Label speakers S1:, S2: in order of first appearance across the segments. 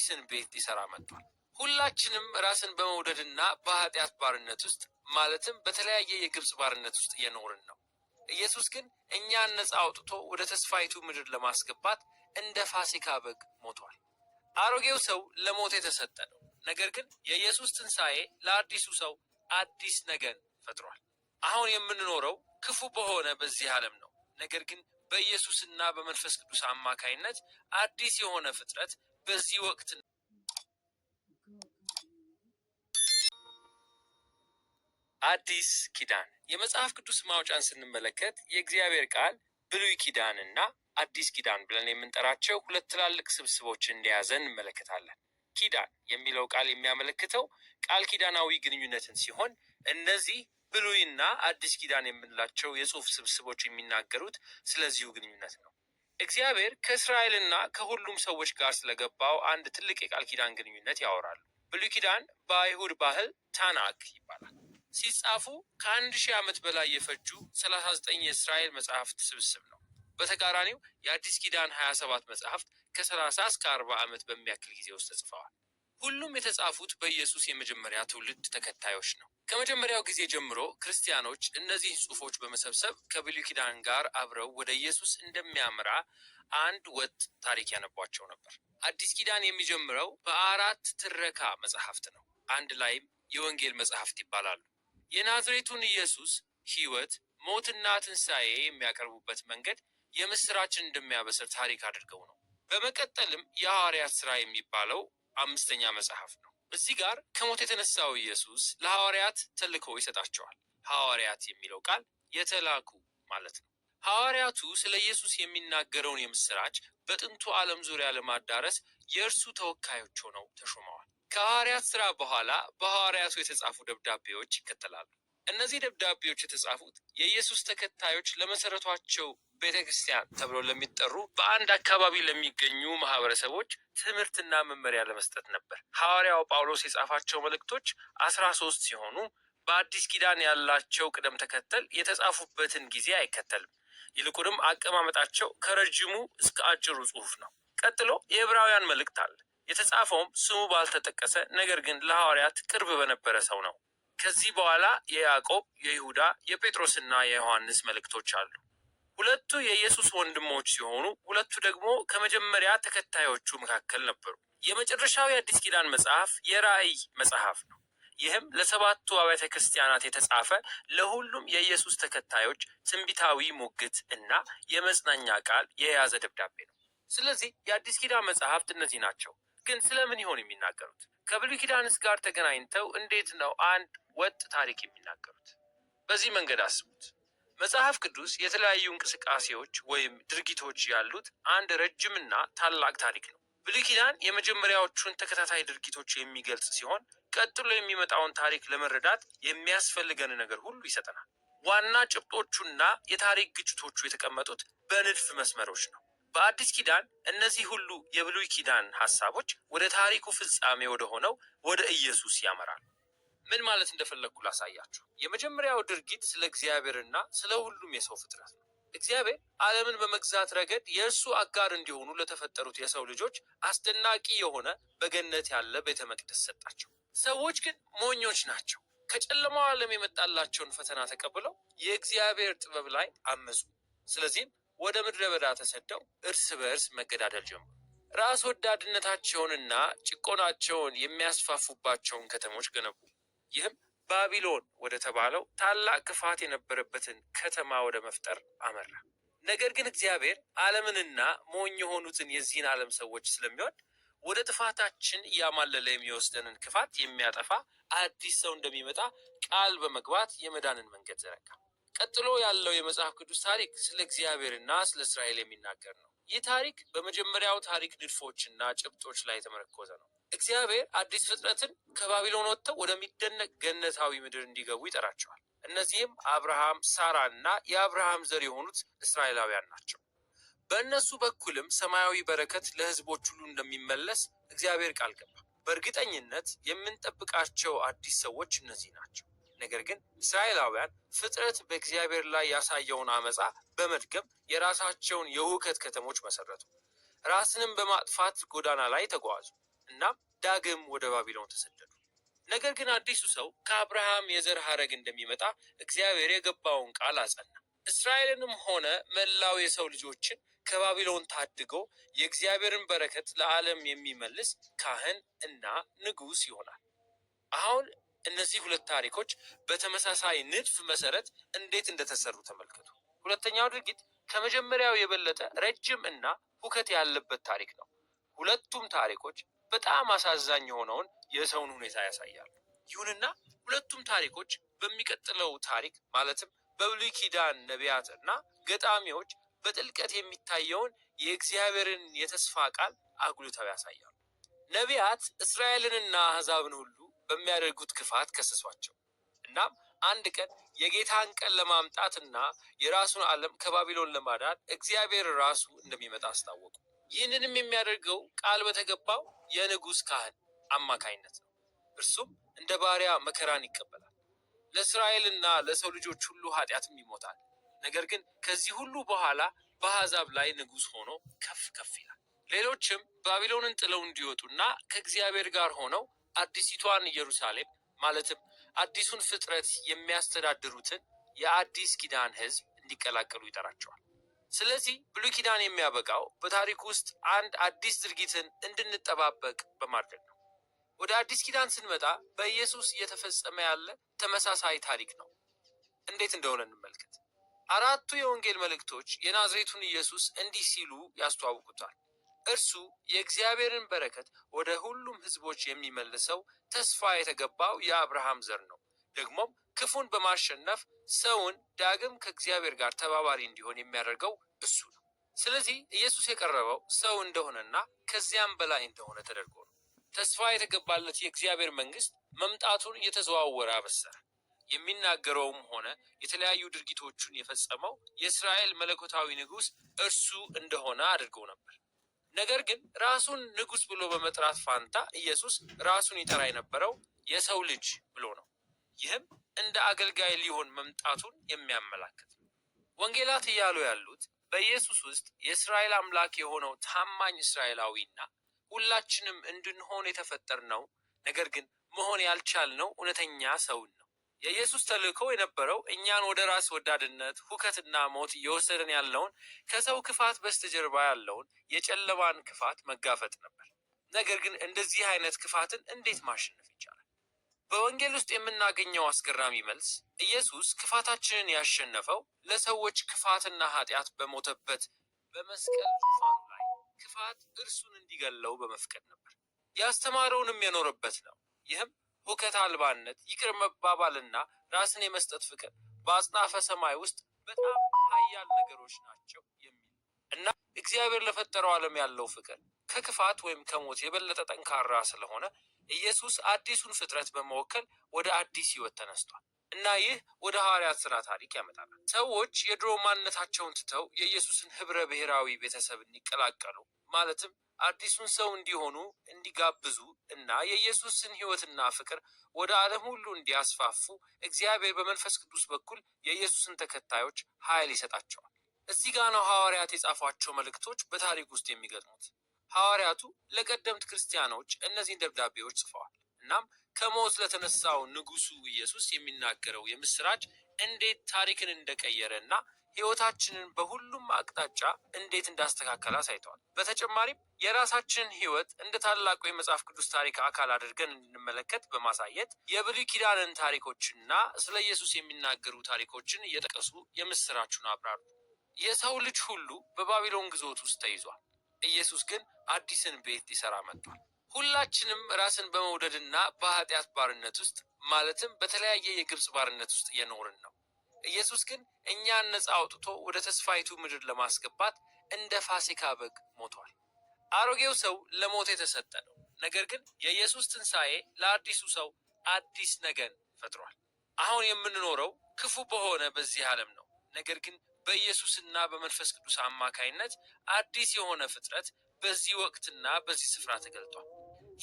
S1: የኪስን ቤት ሊሰራ መጥቷል። ሁላችንም ራስን በመውደድና በኃጢአት ባርነት ውስጥ ማለትም በተለያየ የግብፅ ባርነት ውስጥ እየኖርን ነው። ኢየሱስ ግን እኛን ነፃ አውጥቶ ወደ ተስፋይቱ ምድር ለማስገባት እንደ ፋሲካ በግ ሞቷል። አሮጌው ሰው ለሞት የተሰጠ ነው። ነገር ግን የኢየሱስ ትንሣኤ ለአዲሱ ሰው አዲስ ነገን ፈጥሯል። አሁን የምንኖረው ክፉ በሆነ በዚህ ዓለም ነው። ነገር ግን በኢየሱስና በመንፈስ ቅዱስ አማካይነት አዲስ የሆነ ፍጥረት በዚህ ወቅት አዲስ ኪዳን የመጽሐፍ ቅዱስ ማውጫን ስንመለከት የእግዚአብሔር ቃል ብሉይ ኪዳን እና አዲስ ኪዳን ብለን የምንጠራቸው ሁለት ትላልቅ ስብስቦች እንደያዘ እንመለከታለን። ኪዳን የሚለው ቃል የሚያመለክተው ቃል ኪዳናዊ ግንኙነትን ሲሆን እነዚህ ብሉይና አዲስ ኪዳን የምንላቸው የጽሑፍ ስብስቦች የሚናገሩት ስለዚሁ ግንኙነት ነው። እግዚአብሔር ከእስራኤልና ከሁሉም ሰዎች ጋር ስለገባው አንድ ትልቅ የቃል ኪዳን ግንኙነት ያወራሉ። ብሉይ ኪዳን በአይሁድ ባህል ታናክ ይባላል። ሲጻፉ ከአንድ ሺህ ዓመት በላይ የፈጁ 39 የእስራኤል መጽሐፍት ስብስብ ነው። በተቃራኒው የአዲስ ኪዳን 27 መጽሐፍት ከ30 እስከ አርባ ዓመት በሚያክል ጊዜ ውስጥ ተጽፈዋል። ሁሉም የተጻፉት በኢየሱስ የመጀመሪያ ትውልድ ተከታዮች ነው። ከመጀመሪያው ጊዜ ጀምሮ ክርስቲያኖች እነዚህ ጽሑፎች በመሰብሰብ ከብሉይ ኪዳን ጋር አብረው ወደ ኢየሱስ እንደሚያምራ አንድ ወጥ ታሪክ ያነቧቸው ነበር። አዲስ ኪዳን የሚጀምረው በአራት ትረካ መጽሐፍት ነው። አንድ ላይም የወንጌል መጽሐፍት ይባላሉ። የናዝሬቱን ኢየሱስ ሕይወት፣ ሞትና ትንሣኤ የሚያቀርቡበት መንገድ የምስራችን እንደሚያበስር ታሪክ አድርገው ነው። በመቀጠልም የሐዋርያት ሥራ የሚባለው አምስተኛ መጽሐፍ ነው። እዚህ ጋር ከሞት የተነሳው ኢየሱስ ለሐዋርያት ተልኮ ይሰጣቸዋል። ሐዋርያት የሚለው ቃል የተላኩ ማለት ነው። ሐዋርያቱ ስለ ኢየሱስ የሚናገረውን የምስራች በጥንቱ ዓለም ዙሪያ ለማዳረስ የእርሱ ተወካዮች ሆነው ተሾመዋል። ከሐዋርያት ሥራ በኋላ በሐዋርያቱ የተጻፉ ደብዳቤዎች ይከተላሉ። እነዚህ ደብዳቤዎች የተጻፉት የኢየሱስ ተከታዮች ለመሠረቷቸው ቤተ ክርስቲያን ተብሎ ለሚጠሩ በአንድ አካባቢ ለሚገኙ ማህበረሰቦች ትምህርትና መመሪያ ለመስጠት ነበር። ሐዋርያው ጳውሎስ የጻፋቸው መልእክቶች አስራ ሶስት ሲሆኑ በአዲስ ኪዳን ያላቸው ቅደም ተከተል የተጻፉበትን ጊዜ አይከተልም። ይልቁንም አቀማመጣቸው ከረጅሙ እስከ አጭሩ ጽሑፍ ነው። ቀጥሎ የዕብራውያን መልእክት አለ። የተጻፈውም ስሙ ባልተጠቀሰ ነገር ግን ለሐዋርያት ቅርብ በነበረ ሰው ነው። ከዚህ በኋላ የያዕቆብ፣ የይሁዳ፣ የጴጥሮስና የዮሐንስ መልእክቶች አሉ። ሁለቱ የኢየሱስ ወንድሞች ሲሆኑ ሁለቱ ደግሞ ከመጀመሪያ ተከታዮቹ መካከል ነበሩ። የመጨረሻው የአዲስ ኪዳን መጽሐፍ የራእይ መጽሐፍ ነው። ይህም ለሰባቱ አብያተ ክርስቲያናት የተጻፈ ለሁሉም የኢየሱስ ተከታዮች ትንቢታዊ ሙግት እና የመጽናኛ ቃል የያዘ ደብዳቤ ነው። ስለዚህ የአዲስ ኪዳን መጽሐፍት እነዚህ ናቸው። ግን ስለምን ይሆን የሚናገሩት? ከብሉይ ኪዳንስ ጋር ተገናኝተው እንዴት ነው አንድ ወጥ ታሪክ የሚናገሩት? በዚህ መንገድ አስቡት። መጽሐፍ ቅዱስ የተለያዩ እንቅስቃሴዎች ወይም ድርጊቶች ያሉት አንድ ረጅምና ታላቅ ታሪክ ነው። ብሉይ ኪዳን የመጀመሪያዎቹን ተከታታይ ድርጊቶች የሚገልጽ ሲሆን ቀጥሎ የሚመጣውን ታሪክ ለመረዳት የሚያስፈልገን ነገር ሁሉ ይሰጠናል። ዋና ጭብጦቹና የታሪክ ግጭቶቹ የተቀመጡት በንድፍ መስመሮች ነው። በአዲስ ኪዳን እነዚህ ሁሉ የብሉይ ኪዳን ሀሳቦች ወደ ታሪኩ ፍጻሜ ወደ ሆነው ወደ ኢየሱስ ያመራሉ። ምን ማለት እንደፈለግኩ ላሳያችሁ። የመጀመሪያው ድርጊት ስለ እግዚአብሔርና ስለ ሁሉም የሰው ፍጥረት ነው። እግዚአብሔር ዓለምን በመግዛት ረገድ የእርሱ አጋር እንዲሆኑ ለተፈጠሩት የሰው ልጆች አስደናቂ የሆነ በገነት ያለ ቤተ መቅደስ ሰጣቸው። ሰዎች ግን ሞኞች ናቸው። ከጨለማው ዓለም የመጣላቸውን ፈተና ተቀብለው የእግዚአብሔር ጥበብ ላይ አመፁ። ስለዚህም ወደ ምድረ በዳ ተሰደው እርስ በእርስ መገዳደል ጀመሩ። ራስ ወዳድነታቸውንና ጭቆናቸውን የሚያስፋፉባቸውን ከተሞች ገነቡ። ይህም ባቢሎን ወደ ተባለው ታላቅ ክፋት የነበረበትን ከተማ ወደ መፍጠር አመራ። ነገር ግን እግዚአብሔር ዓለምንና ሞኝ የሆኑትን የዚህን ዓለም ሰዎች ስለሚወድ ወደ ጥፋታችን እያማለለ የሚወስደንን ክፋት የሚያጠፋ አዲስ ሰው እንደሚመጣ ቃል በመግባት የመዳንን መንገድ ዘረጋ። ቀጥሎ ያለው የመጽሐፍ ቅዱስ ታሪክ ስለ እግዚአብሔርና ስለ እስራኤል የሚናገር ነው። ይህ ታሪክ በመጀመሪያው ታሪክ ንድፎችና ጭብጦች ላይ የተመረኮዘ ነው። እግዚአብሔር አዲስ ፍጥረትን ከባቢሎን ወጥተው ወደሚደነቅ ገነታዊ ምድር እንዲገቡ ይጠራቸዋል። እነዚህም አብርሃም፣ ሳራ እና የአብርሃም ዘር የሆኑት እስራኤላውያን ናቸው። በእነሱ በኩልም ሰማያዊ በረከት ለሕዝቦች ሁሉ እንደሚመለስ እግዚአብሔር ቃል ገባ። በእርግጠኝነት የምንጠብቃቸው አዲስ ሰዎች እነዚህ ናቸው። ነገር ግን እስራኤላውያን ፍጥረት በእግዚአብሔር ላይ ያሳየውን አመፃ በመድገም የራሳቸውን የውከት ከተሞች መሰረቱ። ራስንም በማጥፋት ጎዳና ላይ ተጓዙ። እና ዳግም ወደ ባቢሎን ተሰደዱ። ነገር ግን አዲሱ ሰው ከአብርሃም የዘር ሐረግ እንደሚመጣ እግዚአብሔር የገባውን ቃል አጸና። እስራኤልንም ሆነ መላው የሰው ልጆችን ከባቢሎን ታድጎ የእግዚአብሔርን በረከት ለዓለም የሚመልስ ካህን እና ንጉሥ ይሆናል። አሁን እነዚህ ሁለት ታሪኮች በተመሳሳይ ንድፍ መሰረት እንዴት እንደተሰሩ ተመልከቱ። ሁለተኛው ድርጊት ከመጀመሪያው የበለጠ ረጅም እና ሁከት ያለበት ታሪክ ነው። ሁለቱም ታሪኮች በጣም አሳዛኝ የሆነውን የሰውን ሁኔታ ያሳያል። ይሁንና ሁለቱም ታሪኮች በሚቀጥለው ታሪክ ማለትም በብሉይ ኪዳን ነቢያት እና ገጣሚዎች በጥልቀት የሚታየውን የእግዚአብሔርን የተስፋ ቃል አጉልተው ያሳያሉ። ነቢያት እስራኤልንና አሕዛብን ሁሉ በሚያደርጉት ክፋት ከሰሷቸው። እናም አንድ ቀን የጌታን ቀን ለማምጣትና የራሱን ዓለም ከባቢሎን ለማዳን እግዚአብሔር ራሱ እንደሚመጣ አስታወቁ። ይህንንም የሚያደርገው ቃል በተገባው የንጉሥ ካህን አማካይነት ነው። እርሱም እንደ ባሪያ መከራን ይቀበላል። ለእስራኤልና ለሰው ልጆች ሁሉ ኃጢአትም ይሞታል። ነገር ግን ከዚህ ሁሉ በኋላ በአሕዛብ ላይ ንጉሥ ሆኖ ከፍ ከፍ ይላል። ሌሎችም ባቢሎንን ጥለው እንዲወጡና ከእግዚአብሔር ጋር ሆነው አዲሲቷን ኢየሩሳሌም ማለትም አዲሱን ፍጥረት የሚያስተዳድሩትን የአዲስ ኪዳን ሕዝብ እንዲቀላቀሉ ይጠራቸዋል። ስለዚህ ብሉይ ኪዳን የሚያበቃው በታሪክ ውስጥ አንድ አዲስ ድርጊትን እንድንጠባበቅ በማድረግ ነው። ወደ አዲስ ኪዳን ስንመጣ በኢየሱስ እየተፈጸመ ያለ ተመሳሳይ ታሪክ ነው። እንዴት እንደሆነ እንመልከት። አራቱ የወንጌል መልእክቶች የናዝሬቱን ኢየሱስ እንዲህ ሲሉ ያስተዋውቁታል። እርሱ የእግዚአብሔርን በረከት ወደ ሁሉም ሕዝቦች የሚመልሰው ተስፋ የተገባው የአብርሃም ዘር ነው፣ ደግሞም ክፉን በማሸነፍ ሰውን ዳግም ከእግዚአብሔር ጋር ተባባሪ እንዲሆን የሚያደርገው እሱ ነው። ስለዚህ ኢየሱስ የቀረበው ሰው እንደሆነና ከዚያም በላይ እንደሆነ ተደርጎ ነው። ተስፋ የተገባለት የእግዚአብሔር መንግስት መምጣቱን እየተዘዋወረ አበሰረ። የሚናገረውም ሆነ የተለያዩ ድርጊቶቹን የፈጸመው የእስራኤል መለኮታዊ ንጉስ እርሱ እንደሆነ አድርገው ነበር። ነገር ግን ራሱን ንጉስ ብሎ በመጥራት ፋንታ ኢየሱስ ራሱን ይጠራ የነበረው የሰው ልጅ ብሎ ነው። ይህም እንደ አገልጋይ ሊሆን መምጣቱን የሚያመላክት ነው። ወንጌላት እያሉ ያሉት በኢየሱስ ውስጥ የእስራኤል አምላክ የሆነው ታማኝ እስራኤላዊና ሁላችንም እንድንሆን የተፈጠርነው ነገር ግን መሆን ያልቻልነው እውነተኛ ሰውን ነው። የኢየሱስ ተልእኮ የነበረው እኛን ወደ ራስ ወዳድነት፣ ሁከትና ሞት እየወሰደን ያለውን ከሰው ክፋት በስተጀርባ ያለውን የጨለማን ክፋት መጋፈጥ ነበር። ነገር ግን እንደዚህ አይነት ክፋትን እንዴት ማሸነፍ ይቻላል? በወንጌል ውስጥ የምናገኘው አስገራሚ መልስ ኢየሱስ ክፋታችንን ያሸነፈው ለሰዎች ክፋትና ኃጢአት በሞተበት በመስቀል ዙፋኑ ላይ ክፋት እርሱን እንዲገለው በመፍቀድ ነበር። ያስተማረውንም የኖረበት ነው። ይህም ሁከት አልባነት፣ ይቅር መባባልና ራስን የመስጠት ፍቅር በአጽናፈ ሰማይ ውስጥ በጣም ኃያል ነገሮች ናቸው የሚል እና እግዚአብሔር ለፈጠረው ዓለም ያለው ፍቅር ከክፋት ወይም ከሞት የበለጠ ጠንካራ ስለሆነ ኢየሱስ አዲሱን ፍጥረት በመወከል ወደ አዲስ ህይወት ተነስቷል እና ይህ ወደ ሐዋርያት ስራ ታሪክ ያመጣል። ሰዎች የድሮ ማንነታቸውን ትተው የኢየሱስን ህብረ ብሔራዊ ቤተሰብ እንዲቀላቀሉ ማለትም አዲሱን ሰው እንዲሆኑ እንዲጋብዙ እና የኢየሱስን ህይወትና ፍቅር ወደ ዓለም ሁሉ እንዲያስፋፉ እግዚአብሔር በመንፈስ ቅዱስ በኩል የኢየሱስን ተከታዮች ኃይል ይሰጣቸዋል። እዚህ ጋ ነው ሐዋርያት የጻፏቸው መልእክቶች በታሪክ ውስጥ የሚገጥሙት። ሐዋርያቱ ለቀደምት ክርስቲያኖች እነዚህን ደብዳቤዎች ጽፈዋል። እናም ከሞት ለተነሳው ንጉሱ ኢየሱስ የሚናገረው የምስራች እንዴት ታሪክን እንደቀየረ እና ህይወታችንን በሁሉም አቅጣጫ እንዴት እንዳስተካከለ አሳይተዋል። በተጨማሪም የራሳችንን ህይወት እንደ ታላቁ የመጽሐፍ ቅዱስ ታሪክ አካል አድርገን እንድንመለከት በማሳየት የብሉይ ኪዳንን ታሪኮችና ስለ ኢየሱስ የሚናገሩ ታሪኮችን እየጠቀሱ የምስራቹን አብራሩ። የሰው ልጅ ሁሉ በባቢሎን ግዞት ውስጥ ተይዟል። ኢየሱስ ግን አዲስን ቤት ሊሰራ መጥቷል። ሁላችንም ራስን በመውደድና በኃጢአት ባርነት ውስጥ ማለትም በተለያየ የግብፅ ባርነት ውስጥ እየኖርን ነው። ኢየሱስ ግን እኛን ነፃ አውጥቶ ወደ ተስፋይቱ ምድር ለማስገባት እንደ ፋሲካ በግ ሞቷል። አሮጌው ሰው ለሞት የተሰጠ ነው። ነገር ግን የኢየሱስ ትንሣኤ ለአዲሱ ሰው አዲስ ነገን ፈጥሯል። አሁን የምንኖረው ክፉ በሆነ በዚህ ዓለም ነው። ነገር ግን በኢየሱስና በመንፈስ ቅዱስ አማካይነት አዲስ የሆነ ፍጥረት በዚህ ወቅትና በዚህ ስፍራ ተገልጧል።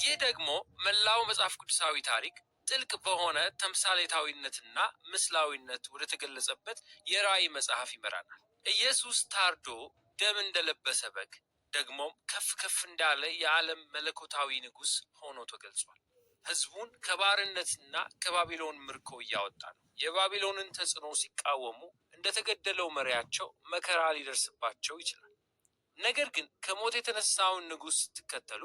S1: ይህ ደግሞ መላው መጽሐፍ ቅዱሳዊ ታሪክ ጥልቅ በሆነ ተምሳሌታዊነትና ምስላዊነት ወደ ተገለጸበት የራእይ መጽሐፍ ይመራናል። ኢየሱስ ታርዶ ደም እንደለበሰ በግ ደግሞም ከፍ ከፍ እንዳለ የዓለም መለኮታዊ ንጉሥ ሆኖ ተገልጿል። ሕዝቡን ከባርነትና ከባቢሎን ምርኮ እያወጣ ነው። የባቢሎንን ተጽዕኖ ሲቃወሙ እንደተገደለው መሪያቸው መከራ ሊደርስባቸው ይችላል። ነገር ግን ከሞት የተነሳውን ንጉሥ ስትከተሉ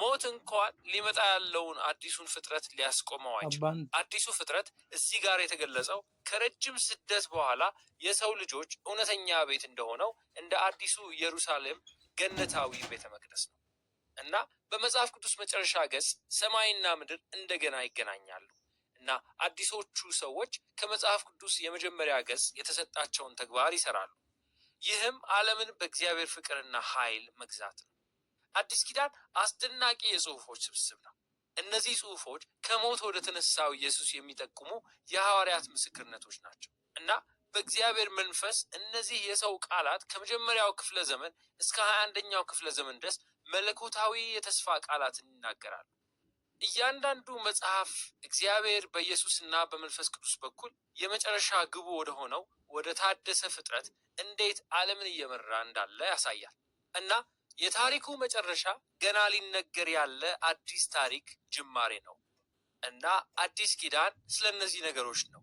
S1: ሞት እንኳን ሊመጣ ያለውን አዲሱን ፍጥረት ሊያስቆመው አይችል። አዲሱ ፍጥረት እዚህ ጋር የተገለጸው ከረጅም ስደት በኋላ የሰው ልጆች እውነተኛ ቤት እንደሆነው እንደ አዲሱ ኢየሩሳሌም ገነታዊ ቤተ መቅደስ ነው እና በመጽሐፍ ቅዱስ መጨረሻ ገጽ ሰማይና ምድር እንደገና ይገናኛሉ። እና አዲሶቹ ሰዎች ከመጽሐፍ ቅዱስ የመጀመሪያ ገጽ የተሰጣቸውን ተግባር ይሰራሉ። ይህም ዓለምን በእግዚአብሔር ፍቅርና ኃይል መግዛት ነው። አዲስ ኪዳን አስደናቂ የጽሑፎች ስብስብ ነው። እነዚህ ጽሑፎች ከሞት ወደ ተነሳው ኢየሱስ የሚጠቁሙ የሐዋርያት ምስክርነቶች ናቸው እና በእግዚአብሔር መንፈስ እነዚህ የሰው ቃላት ከመጀመሪያው ክፍለ ዘመን እስከ ሀያ አንደኛው ክፍለ ዘመን ድረስ መለኮታዊ የተስፋ ቃላትን ይናገራሉ። እያንዳንዱ መጽሐፍ እግዚአብሔር በኢየሱስና በመንፈስ ቅዱስ በኩል የመጨረሻ ግቡ ወደ ሆነው ወደ ታደሰ ፍጥረት እንዴት ዓለምን እየመራ እንዳለ ያሳያል እና የታሪኩ መጨረሻ ገና ሊነገር ያለ አዲስ ታሪክ ጅማሬ ነው እና አዲስ ኪዳን ስለ እነዚህ ነገሮች ነው።